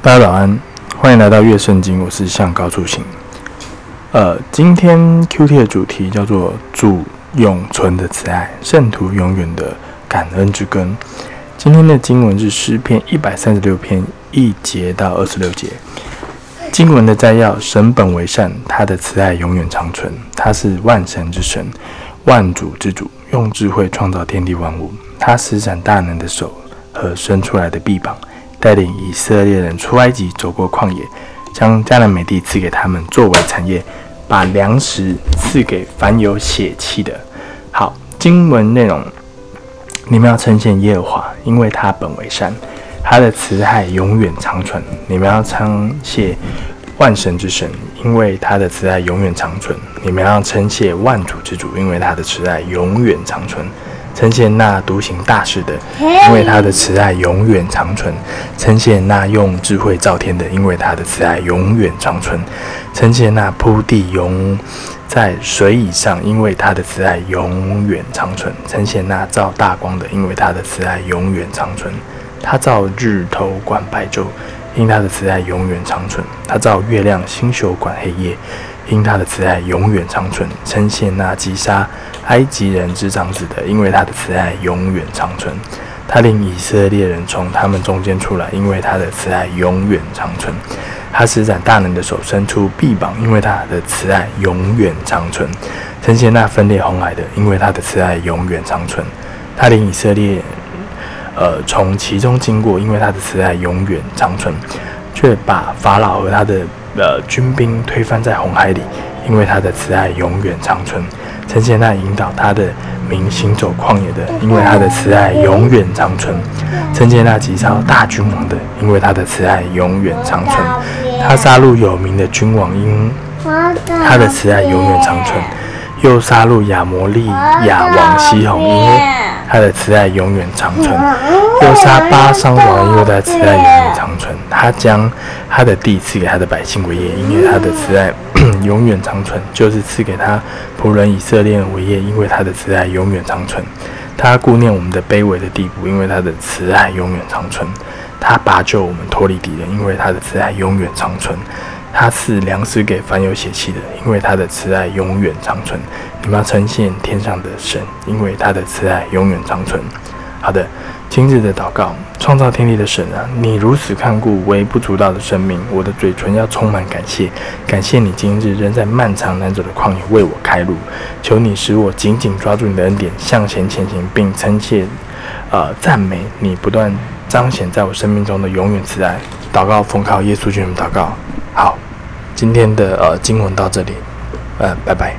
大家早安，歡迎來到樂聖經，我是向高處行。呃，今天 QT 的主題叫做主永存的慈愛，聖徒永遠的感恩之根。今天的經文是詩篇一百三十六篇一節到二十六節。經文的摘要：神本為善，他的慈愛永遠長存，他是萬神之神，萬主之主，用智慧創造天地萬物，他施展大能的手和伸出來的臂膀。帶領以色列人出埃及，走過曠野，將迦南美地賜給他們作為產業，把糧食賜給凡有血氣的。好，經文內容，你們要稱謝耶和華，因為他本為善，他的慈愛永遠長存。你們要稱謝萬神之神，因為他的慈愛永遠長存。你們要稱謝萬主之主，因為他的慈愛永遠長存。稱謝那獨行大事的，因為他的慈愛永遠長存；稱謝那用智慧造天的，因為他的慈愛永遠長存；稱謝那鋪地用在水以上，因為他的慈愛永遠長存；稱謝那造大光的，因為他的慈愛永遠長存。他造日頭觀，管白晝。因他的慈愛永遠長存，他造月亮、星宿管黑夜。因他的慈愛永遠長存，稱謝那擊殺埃及人之長子的。因為他的慈愛永遠長存，他領以色列人從他們中間出來。因為他的慈愛永遠長存，他施展大能的手，伸出臂膀。因為他的慈愛永遠長存，稱謝那分裂紅海的。因為他的慈愛永遠長存，他領以色列。呃，從其中經過，因為他的慈愛永遠長存，卻把法老和他的呃軍兵推翻在紅海裡，因為他的慈愛永遠長存。稱謝那引導他的民行走曠野的，因為他的慈愛永遠長存。稱謝那擊殺大君王的，因為他的慈愛永遠長存。他殺戮有名的君王因，他的慈愛永遠長存。又殺戮亞摩利亞王西宏因。因他的慈愛永遠長存，又殺巴珊王噩，因為他的慈愛永遠長存。他將他的地賜給他的百姓為業，因為他的慈愛永遠長存；就是賜給他僕人以色列為業，因為他的慈愛永遠長存。他顧念我們的卑微的地步，因為他的慈愛永遠長存。他救拔我們脫離敵人，因為他的慈愛永遠長存。他賜糧食給凡有血氣的，因為他的慈愛永遠長存。你們要稱謝天上的神，因為他的慈愛永遠長存。好的，今日的禱告，創造天地的神啊，你如此看顧微不足道的生命，我的嘴唇要充滿感謝，感謝你今日仍在漫長難走的曠野為我開路。求你使我緊緊抓住你的恩典，向前前行，並稱謝，呃，讚美你不斷。彰顯在我生命中的永遠慈愛，禱告奉靠耶穌基督禱告。好，今天的呃經文到這裡。呃，拜拜。